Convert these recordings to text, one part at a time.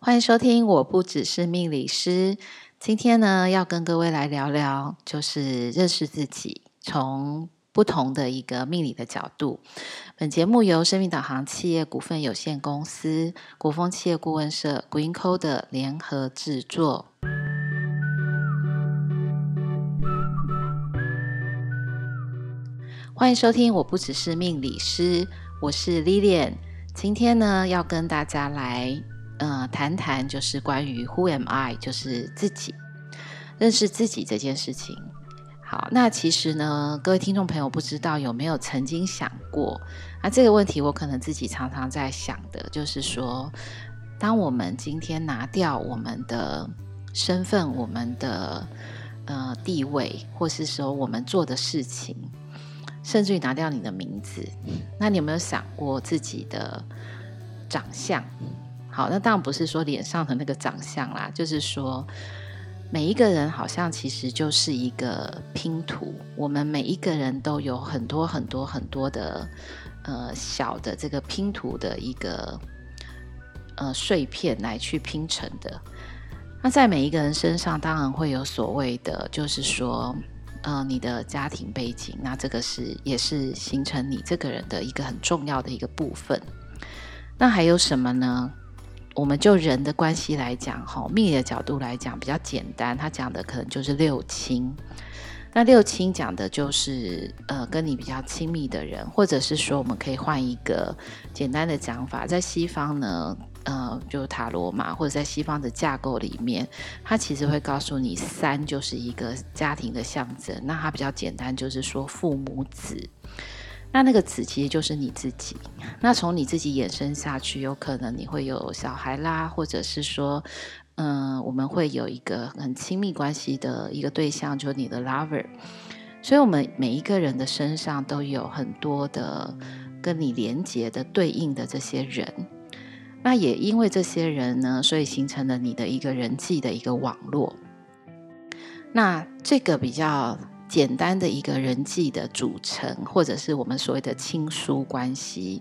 歡迎收聽《我不只是命理師》。今天呢，要跟各位來聊聊，就是認識自己，從不同的一個命理的角度。本節目由生命導航企業股份有限公司、國峰企業顧問社 GreenCoder 聯合製作。歡迎收聽《我不只是命理師》，我是 Lilian。今天呢，要跟大家來，嗯，談談就是關於 Who am I，就是自己認識自己這件事情。好，那其實呢，各位聽眾朋友，不知道有沒有曾經想過？那這個問題，我可能自己常常在想的，就是說，當我們今天拿掉我們的身份、我們的呃地位，或是說我們做的事情，甚至於拿掉你的名字，那你有沒有想過自己的長相？好，那當然不是說臉上的那個長相啦，就是說每一個人好像其實就是一個拼圖，我們每一個人都有很多很多很多的呃小的這個拼圖的一個呃碎片來去拼成的。那在每一個人身上，當然會有所謂的，就是說，呃，你的家庭背景，那這個是也是形成你這個人的一個很重要的一個部分。那還有什麼呢？我們就人的關係來講，哈，命理的角度來講比較簡單。他講的可能就是六親。那六親講的就是呃，跟你比較親密的人，或者是說，我們可以換一個簡單的講法，在西方呢，呃，就塔羅嘛，或者在西方的架構裡面，它其實會告訴你三就是一個家庭的象徵。那它比較簡單，就是說父母子。那那個子，其實就是你自己。那從你自己衍生下去，有可能你會有小孩啦，或者是說，嗯，我們會有一個很親密關係的一個對象，就是你的 lover。所以，我們每一個人的身上都有很多的跟你連接的對應的這些人。那也因為這些人呢，所以形成了你的一個人際的一個網絡。那這個比較。簡單的一個人際的組成，或者是我們所謂的親疏關係，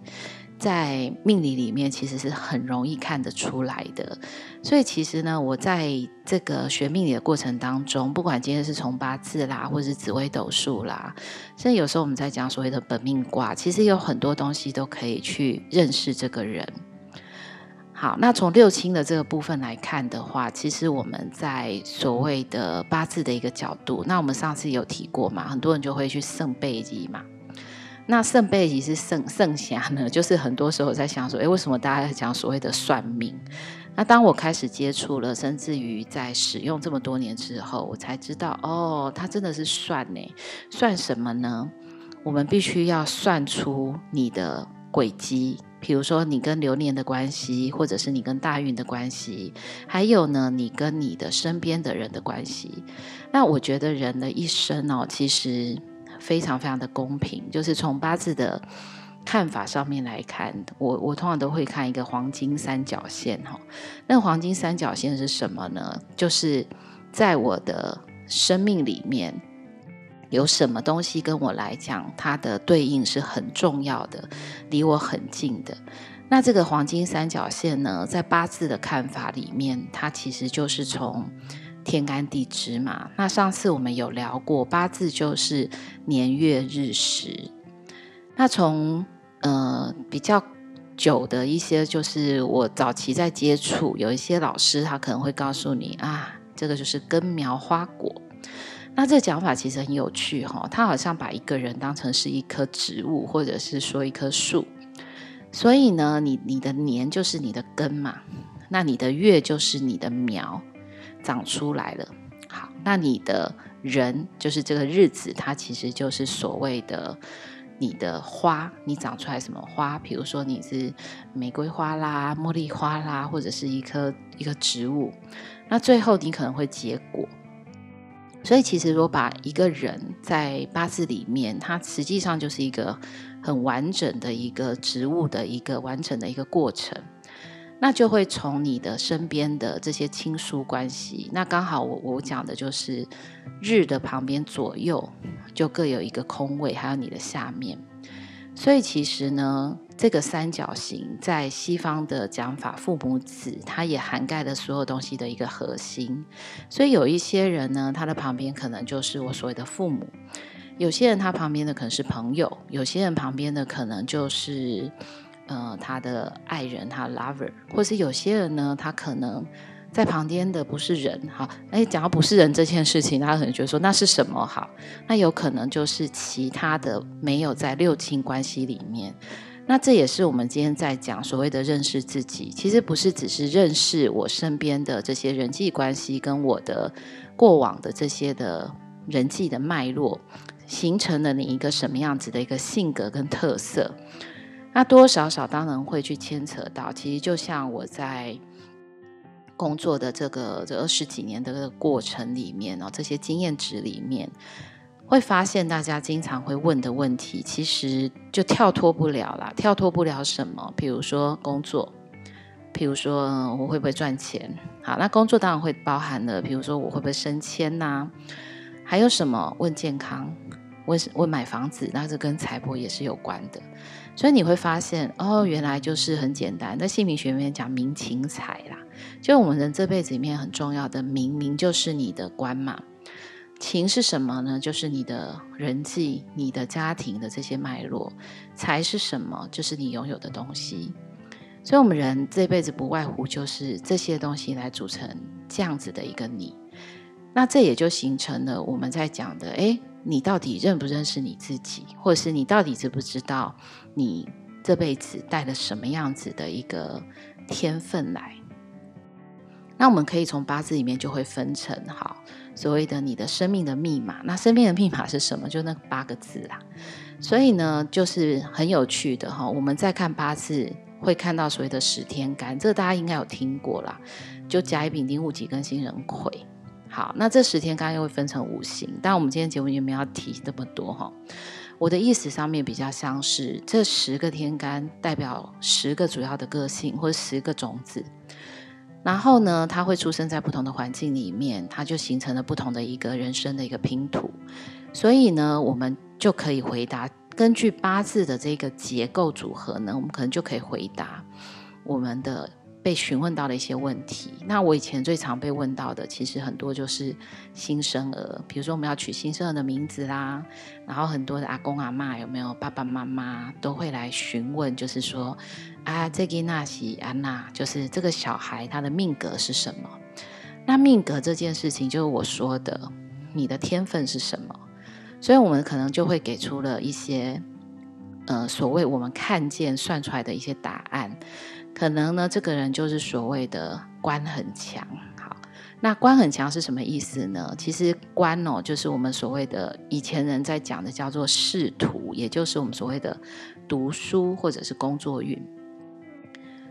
在命理裡面其實是很容易看得出來的。所以其實呢，我在這個學命理的過程當中，不管今天是從八字啦，或者是紫微斗數啦，甚至有時候我們在講所謂的本命卦，其實有很多東西都可以去認識這個人。好，那從六親的這個部分來看的話，其實我們在所謂的八字的一個角度，那我們上次有提過嘛，很多人就會去聖輩吉嘛。那聖輩吉是聖聖賢呢，就是很多時候在想說，誒、欸，為什麼大家在講所謂的算命？那當我開始接觸了，甚至於在使用這麼多年之後，我才知道，哦，它真的是算呢，算什麼呢？我們必須要算出你的，軌跡，比如說你跟流年的關係，或者是你跟大運的關係，還有呢，你跟你的身邊的人的關係。那我覺得人的一生哦，其實非常非常的公平。就是從八字的看法上面來看，我我通常都會看一個黃金三角線哈、哦。那黃金三角線是什麼呢？就是在我的生命裡面。有什麼東西跟我來講，它的對應是很重要的，離我很近的。那這個黃金三角線呢，在八字的看法裡面，它其實就是從天干地支嘛。那上次我們有聊過，八字就是年月日時。那從呃比較久的一些，就是我早期在接觸，有一些老師他可能會告訴你啊，這個就是根苗花果。那這個講法其實很有趣哈、哦，他好像把一個人當成是一棵植物，或者是說一棵樹。所以呢，你你的年就是你的根嘛，那你的月就是你的苗長出來了。好，那你的人就是這個日子，它其實就是所謂的你的花，你長出來什麼花？比如說你是玫瑰花啦、茉莉花啦，或者是一棵一個植物，那最後你可能會結果。所以其實我把一個人在八字裡面，它實際上就是一個很完整的一個植物的一個完整的一個過程，那就會從你的身邊的這些親疏關係。那剛好我我講的就是日的旁邊左右就各有一個空位，還有你的下面，所以其實呢。這個三角形在西方的講法，父母子，它也涵蓋了所有東西的一個核心。所以有一些人呢，他的旁邊可能就是我所謂的父母；有些人他旁邊的可能是朋友；有些人旁邊的可能就是呃他的愛人，他的 lover；或是有些人呢，他可能在旁邊的不是人。好，哎，講到不是人這件事情，他可能覺得說那是什麼？好，那有可能就是其他的沒有在六親關係裡面。那這也是我們今天在講所謂的認識自己，其實不是只是認識我身邊的這些人際關係，跟我的過往的這些的人際的脈絡，形成了你一個什麼樣子的一個性格跟特色。那多多少少當然會去牽扯到，其實就像我在工作的這個這二十幾年的這個過程裡面哦，這些經驗值裡面。會發現大家經常會問的問題，其實就跳脫不了啦，跳脫不了什麼？比如說工作，比如說我會不會賺錢？好，那工作當然會包含了，比如說我會不會升遷吶、啊？還有什麼？問健康，問是問買房子，那這跟財帛也是有關的。所以你會發現，哦，原來就是很簡單。那姓名學裡面講名、情、財啦，就我們人這輩子裡面很重要的名，名就是你的官嘛。情是什麼呢？就是你的人際、你的家庭的這些脈絡；財是什麼？就是你擁有的東西。所以，我們人這輩子不外乎就是這些東西來組成這樣子的一個你。那這也就形成了我們在講的：哎、欸，你到底認不認識你自己？或者是你到底知不知道你這輩子帶了什麼樣子的一個天分來？那我們可以從八字裡面就會分成，好所謂的你的生命的密碼。那生命的密碼是什麼？就那八個字啦。嗯、所以呢，就是很有趣的哈、哦。我們在看八字會看到所謂的十天干，這個、大家應該有聽過啦。就甲乙丙丁戊己庚辛壬癸。好，那這十天干又會分成五行。但我們今天節目也沒有要提那麼多哈、哦。我的意思上面比較像是這十個天干代表十個主要的個性，或者十個種子。然後呢，它會出生在不同的環境裡面，它就形成了不同的一個人生的一個拼圖。所以呢，我們就可以回答，根據八字的這個結構組合呢，我們可能就可以回答我們的。被詢問到的一些問題，那我以前最常被問到的，其實很多就是新生兒，比如說我們要取新生兒的名字啦，然後很多的阿公阿嬤有沒有爸爸媽媽，都會來詢問，就是說啊，這個娜喜安娜，就是這個小孩他的命格是什麼？那命格這件事情，就是我說的你的天分是什麼？所以我們可能就會給出了一些。呃，所謂我們看見算出來的一些答案，可能呢，這個人就是所謂的官很強。好，那官很強是什麼意思呢？其實官哦，就是我們所謂的以前人在講的叫做仕途，也就是我們所謂的讀書或者是工作運。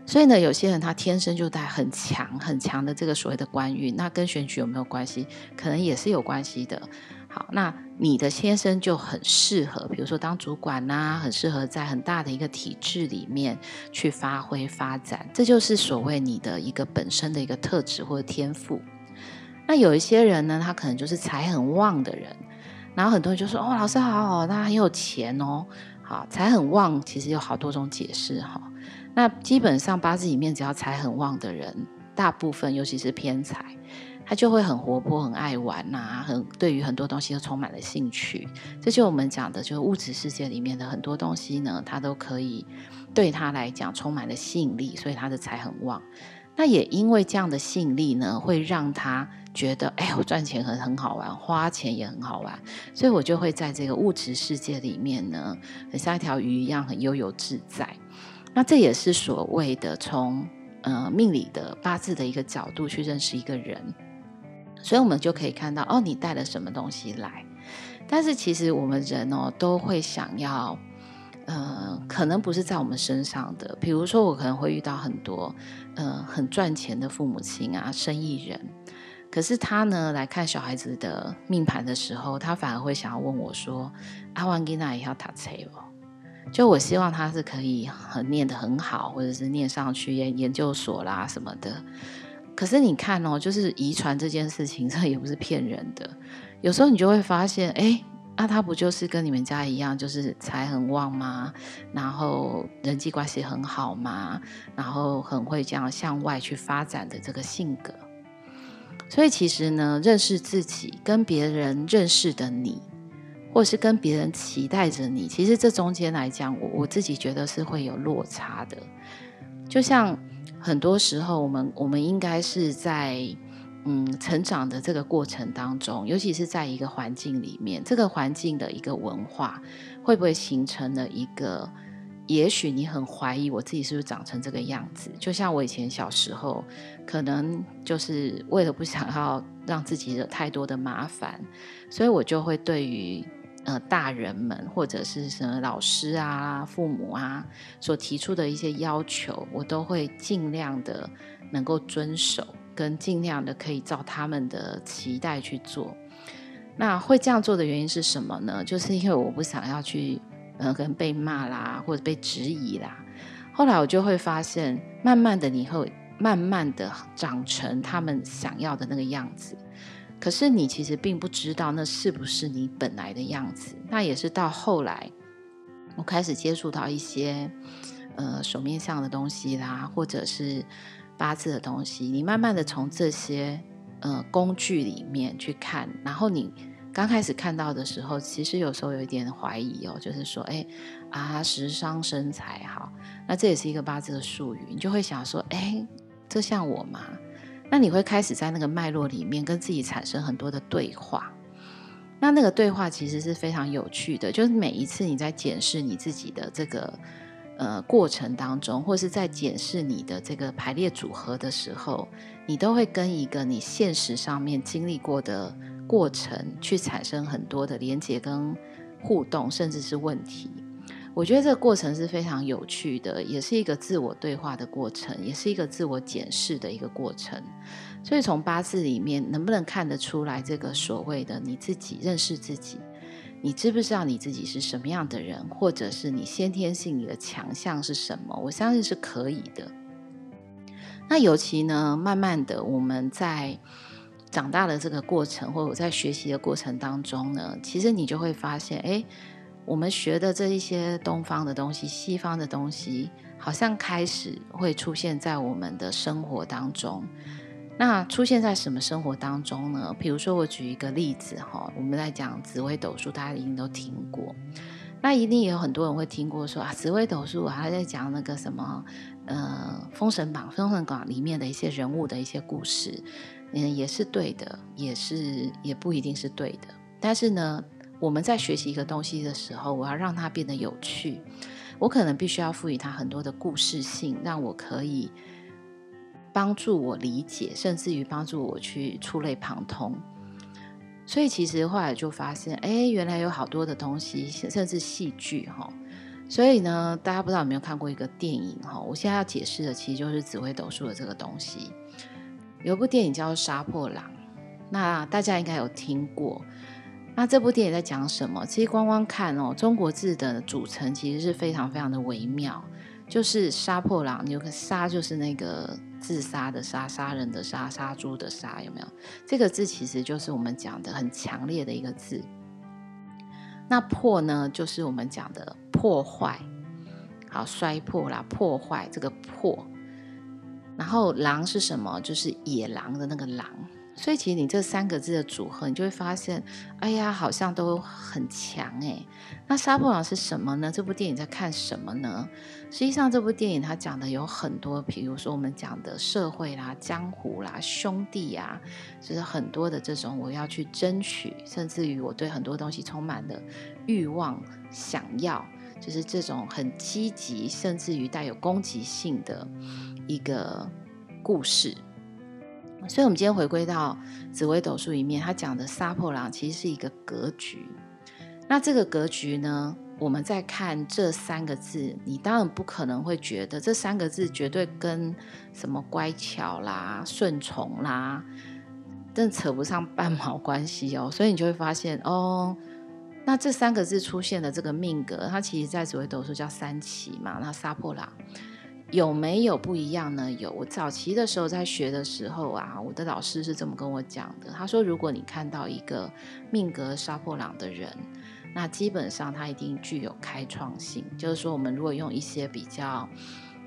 所以呢，有些人他天生就帶很強、很強的這個所謂的官運，那跟選舉有沒有關係？可能也是有關係的。好，那你的先生就很適合，比如說當主管吶、啊，很適合在很大的一個體制裡面去發揮發展，這就是所謂你的一個本身的一個特質或者天賦。那有一些人呢，他可能就是財很旺的人，然後很多人就說：“哦，老師好好，好，他很有錢哦。”好，財很旺其實有好多種解釋哈。那基本上八字裡面只要財很旺的人，大部分尤其是偏財。他就會很活潑，很愛玩吶、啊，很對於很多東西都充滿了興趣。這就我們講的，就是物質世界裡面的很多東西呢，他都可以對他來講充滿了吸引力，所以他的財很旺。那也因為這樣的吸引力呢，會讓他覺得，哎，我賺錢很很好玩，花錢也很好玩，所以我就會在這個物質世界裡面呢，很像一條魚一樣，很悠游自在。那這也是所謂的從呃，命理的八字的一個角度去認識一個人。所以我們就可以看到哦，你帶了什麼東西來。但是其實我們人哦，都會想要，呃，可能不是在我們身上的。比如說，我可能會遇到很多，呃，很賺錢的父母親啊，生意人。可是他呢，來看小孩子的命盤的時候，他反而會想要問我說：“阿旺吉娜也要打車哦？” 就我希望他是可以很念得很好，或者是念上去研，研究所啦什麼的。可是你看哦，就是遺傳這件事情，這也不是騙人的。有時候你就會發現，哎，那啊，他不就是跟你們家一樣，就是財很旺嗎？然後人際關係很好嗎？然後很會這樣向外去發展的這個性格。所以其實呢，認識自己跟別人認識的你，或是跟別人期待着你，其實這中間來講，我我自己覺得是會有落差的。就像。很多時候我，我們我們應該是在嗯成長的這個過程當中，尤其是在一個環境裡面，這個環境的一個文化會不會形成了一個？也許你很懷疑我自己是不是長成這個樣子？就像我以前小時候，可能就是為了不想要讓自己惹太多的麻煩，所以我就會對於。呃，大人們或者是什麼老師啊、父母啊，所提出的一些要求，我都會盡量的能夠遵守，跟盡量的可以照他們的期待去做。那會這樣做的原因是什麼呢？就是因為我不想要去嗯，跟、呃、被罵啦，或者被質疑啦。後來我就會發現，慢慢的，你會慢慢的長成他們想要的那個樣子。可是你其實並不知道那是不是你本來的樣子。那也是到後來，我開始接觸到一些，呃，手面上的東西啦，或者是八字的東西。你慢慢的從這些呃工具裡面去看，然後你剛開始看到的時候，其實有時候有一點懷疑哦，就是說，哎，啊，食傷生財好，那這也是一個八字的術語，你就會想說，哎，這像我嗎？那你會開始在那個脈絡裡面跟自己產生很多的對話，那那個對話其實是非常有趣的，就是每一次你在檢視你自己的這個呃過程當中，或是在檢視你的這個排列組合的時候，你都會跟一個你現實上面經歷過的過程去產生很多的連接跟互動，甚至是問題。我覺得這個過程是非常有趣的，也是一個自我對話的過程，也是一個自我檢視的一個過程。所以從八字裡面能不能看得出來這個所謂的你自己認識自己，你知不知道你自己是什麼樣的人，或者是你先天性你的強項是什麼？我相信是可以的。那尤其呢，慢慢的我們在長大的這個過程，或者我在學習的過程當中呢，其實你就會發現，誒。我們學的這一些東方的東西、西方的東西，好像開始會出現在我們的生活當中。那出現在什麼生活當中呢？比如說，我舉一個例子哈，我們在講紫微斗數，大家一定都聽過。那一定也有很多人會聽過說啊，紫微斗數還啊，在講那個什麼呃，《封神榜》《封神榜》裡面的一些人物的一些故事，嗯，也是對的，也是也不一定是對的，但是呢。我們在學習一個東西的時候，我要讓它變得有趣，我可能必須要賦予它很多的故事性，讓我可以幫助我理解，甚至於幫助我去觸類旁通。所以其實後來就發現，哎，原來有好多的東西，甚至戲劇哈、哦。所以呢，大家不知道有沒有看過一個電影哈、哦？我現在要解釋的其實就是紫微斗數的這個東西。有一部電影叫做《殺破狼》，那大家應該有聽過。那這部電影在講什麼？其實光光看哦，中國字的組成其實是非常非常的微妙。就是“殺破狼”，有個“殺”，就是那個自殺的“殺”，殺人的“殺”，殺豬的“殺”，有沒有？這個字其實就是我們講的很強烈的一個字。那“破”呢，就是我們講的破壞。好，摔破啦，破壞這個“破”。然後“狼”是什麼？就是野狼的那個“狼”。所以，其實你這三個字的組合，你就會發現，哎呀，好像都很強欸。那《殺破狼》是什麼呢？這部電影在看什麼呢？實際上，這部電影它講的有很多，比如說我們講的社會啦、江湖啦、兄弟啊，就是很多的這種我要去爭取，甚至於我對很多東西充滿了慾望、想要，就是這種很積極，甚至於帶有攻擊性的一個故事。所以，我們今天回歸到紫微斗數裡面，他講的“殺破狼”其實是一個格局。那這個格局呢，我們在看這三個字，你當然不可能會覺得這三個字絕對跟什麼乖巧啦、順從啦，但扯不上半毛關係哦。所以你就會發現，哦，那這三個字出現的這個命格，它其實在紫微斗數叫三奇嘛，那殺破狼。有沒有不一樣呢？有，我早期的時候在學的時候啊，我的老師是這麼跟我講的。他說，如果你看到一個命格殺破狼的人，那基本上他一定具有開創性。就是說，我們如果用一些比較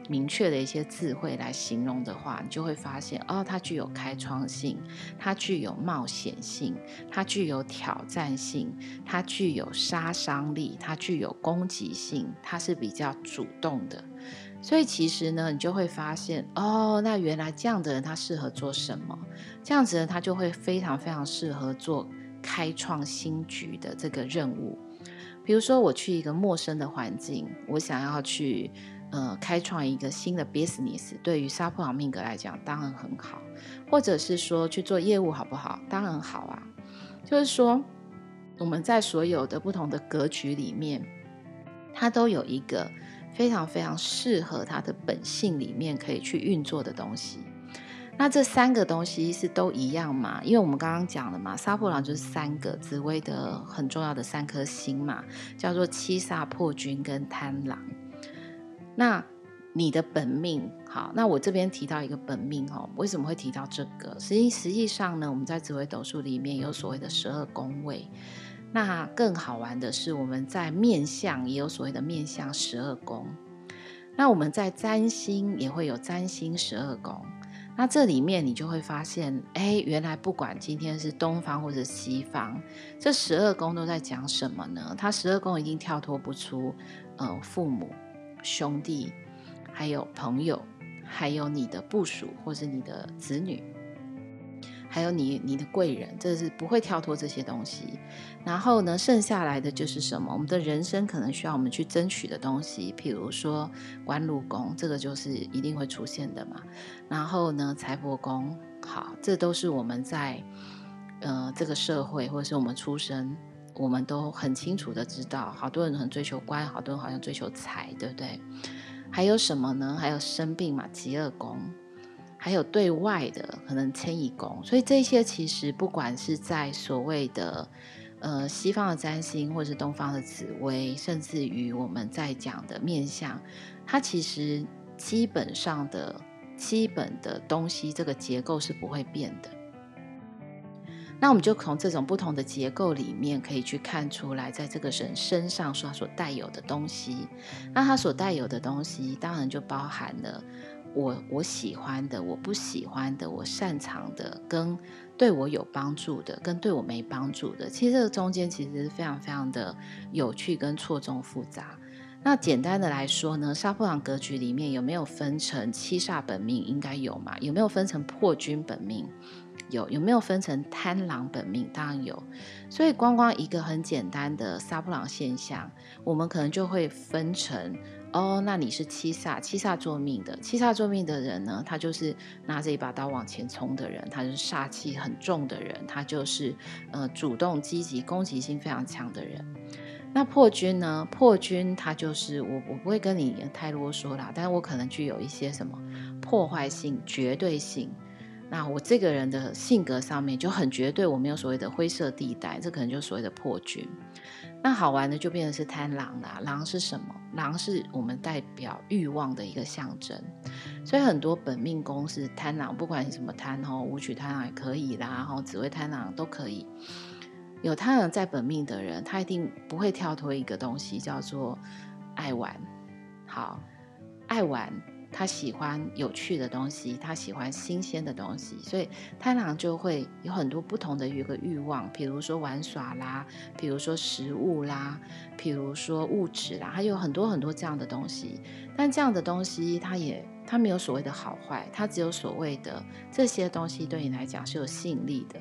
明確的一些詞彙來形容的話，你就會發現，哦，他具有開創性，他具有冒險性，他具有挑戰性，他具有殺傷力，他具有攻擊性，他是比較主動的。所以其實呢，你就會發現哦，那原來這樣的人他適合做什麼？這樣子呢，他就會非常非常適合做開創新局的這個任務。比如說，我去一個陌生的環境，我想要去呃開創一個新的 business，對於殺破狼命格來講，當然很好；或者是說去做業務好不好？當然好啊。就是說，我們在所有的不同的格局裡面，它都有一個非常非常適合他的本性裡面可以去運作的東西。那這三個東西是都一樣嘛？因為我們剛剛講了嘛，殺破狼就是三個紫微的很重要的三顆星嘛，叫做七煞、破軍跟貪狼。那你的本命，好，那我這邊提到一個本命哦、喔，為什麼會提到這個？實際實際上呢，我們在紫微斗數裡面有所謂的十二宮位。那更好玩的是，我們在面相也有所謂的面相十二宮。那我們在占星也會有占星十二宮。那這裡面你就會發現，哎，原來不管今天是東方或者西方，這十二宮都在講什麼呢？它十二宮一定跳脫不出，呃，父母、兄弟，還有朋友，還有你的部屬或是你的子女。還有你你的貴人，這是不會跳脫這些東西。然後呢，剩下來的就是什麼？我們的人生可能需要我們去爭取的東西，譬如說官祿宮，這個就是一定會出現的嘛。然後呢，財帛宮，好，這都是我們在呃這個社會，或者是我們出生，我們都很清楚的知道。好多人很追求官，好多人好像追求財，對不對？還有什麼呢？還有生病嘛，疾厄宮。還有對外的可能遷移宮，所以這些其實不管是在所謂的呃西方的占星，或者是東方的紫微，甚至於我們在講的面相，它其實基本上的基本的東西，這個結構是不會變的。那我們就從這種不同的結構裡面，可以去看出來，在這個人身上，他所帶有的東西，那他所帶有的東西，當然就包含了。我我喜歡的，我不喜歡的，我擅長的，跟對我有幫助的，跟對我沒幫助的，其實這個中間其實是非常非常的有趣跟錯綜複雜。那簡單的來說呢，殺破狼格局裡面有沒有分成七煞本命？應該有嘛？有沒有分成破軍本命？有有沒有分成貪狼本命？當然有，所以光光一個很簡單的殺破狼現象，我們可能就會分成哦，那你是七煞，七煞坐命的，七煞坐命的人呢，他就是拿着一把刀往前衝的人，他就是煞氣很重的人，他就是呃主動積極、攻擊性非常強的人。那破軍呢？破軍他就是我，我不會跟你太囉嗦啦，但是我可能具有一些什麼破壞性、絕對性。那我這個人的性格上面就很絕對，我沒有所謂的灰色地帶，這可能就是所謂的破軍。那好玩的就變成是貪狼啦，狼是什麼？狼是我們代表慾望的一個象徵，所以很多本命宮是貪狼，不管是什麼貪哦，武曲貪狼也可以啦，然後紫微貪狼都可以。有貪狼在本命的人，他一定不會跳脫一個東西，叫做愛玩，好，愛玩。他喜歡有趣的東西，他喜歡新鮮的東西，所以貪狼就會有很多不同的一個慾望，比如說玩耍啦，比如說食物啦，比如說物質啦，還有很多很多這樣的東西。但這樣的東西，他也他沒有所謂的好壞，他只有所謂的這些東西對你來講是有吸引力的。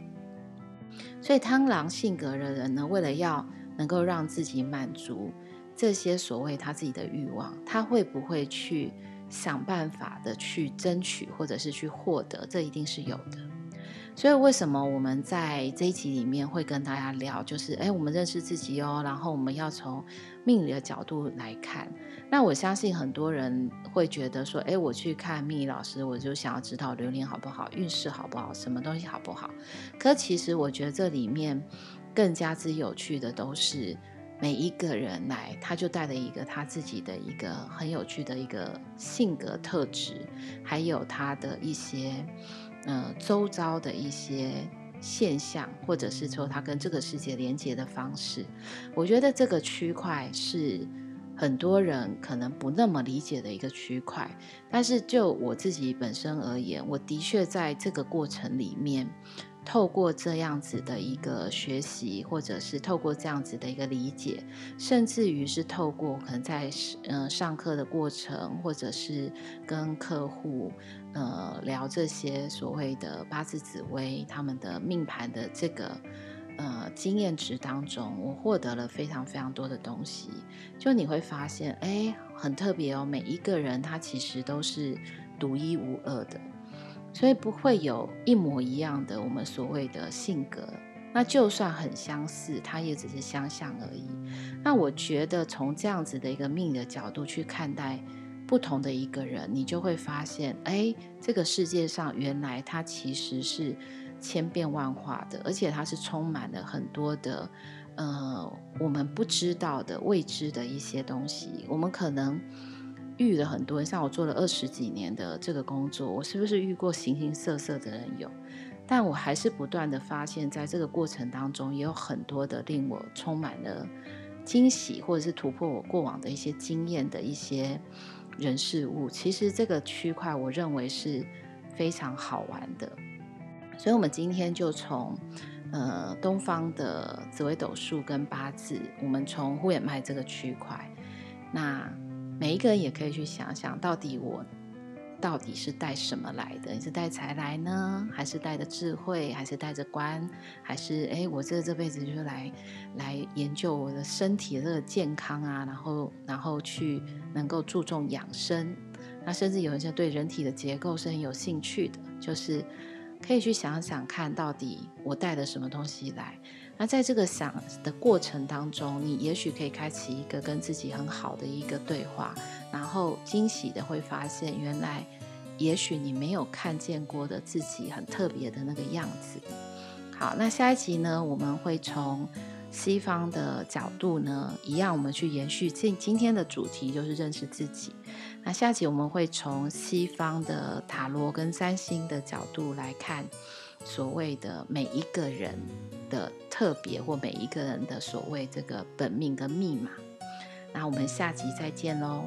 所以貪狼性格的人呢，為了要能夠讓自己滿足這些所謂他自己的慾望，他會不會去？想辦法的去爭取或者是去獲得，這一定是有的。所以為什麼我們在這一集裡面會跟大家聊，就是哎，我們認識自己哦，然後我們要從命理的角度來看。那我相信很多人會覺得說，哎，我去看命理老師，我就想要知道流年好不好，運勢好不好，什麼東西好不好。可其實我覺得這裡面更加之有趣的都是。每一個人來，他就帶了一個他自己的一個很有趣的一個性格特質，還有他的一些，呃，周遭的一些現象，或者是說他跟這個世界連接的方式。我覺得這個區塊是很多人可能不那麼理解的一個區塊，但是就我自己本身而言，我的確在這個過程裡面。透過這樣子的一個學習，或者是透過這樣子的一個理解，甚至於是透過可能在嗯上課的過程，或者是跟客戶呃聊這些所謂的八字紫微，他們的命盤的這個呃經驗值當中，我獲得了非常非常多的東西。就你會發現，哎，很特別哦，每一個人他其實都是獨一無二的。所以不會有一模一樣的我們所謂的性格，那就算很相似，它也只是相像而已。那我覺得從這樣子的一個命的角度去看待不同的一個人，你就會發現，哎，這個世界上原來它其實是千變萬化的，而且它是充滿了很多的，呃，我們不知道的未知的一些東西，我們可能。遇了很多，像我做了二十幾年的這個工作，我是不是遇過形形色色的人有？但我還是不斷地發現，在這個過程當中，也有很多的令我充滿了驚喜，或者是突破我過往的一些經驗的一些人事物。其實這個區塊我認為是非常好玩的，所以我們今天就從呃東方的紫微斗數跟八字，我們從護眼脈這個區塊，那。每一個人也可以去想想到底我到底是帶什麼來的？你是帶財來呢，還是帶着智慧，還是帶着官？還是哎，我這這輩子就是來來研究我的身體的健康啊，然後然後去能夠注重養生。那甚至有一些對人體的結構是很有興趣的，就是可以去想想看到底我帶的什麼東西來。那在這個想的過程當中，你也許可以開啟一個跟自己很好的一個對話，然後驚喜的會發現，原來也許你沒有看見過的自己很特別的那個樣子。好，那下一集呢，我們會從西方的角度呢，一樣我們去延續今今天的主題就是認識自己。那下集我們會從西方的塔羅跟占星的角度來看。所謂的每一個人的特別，或每一個人的所謂這個本命跟密碼，那我們下集再見嘍。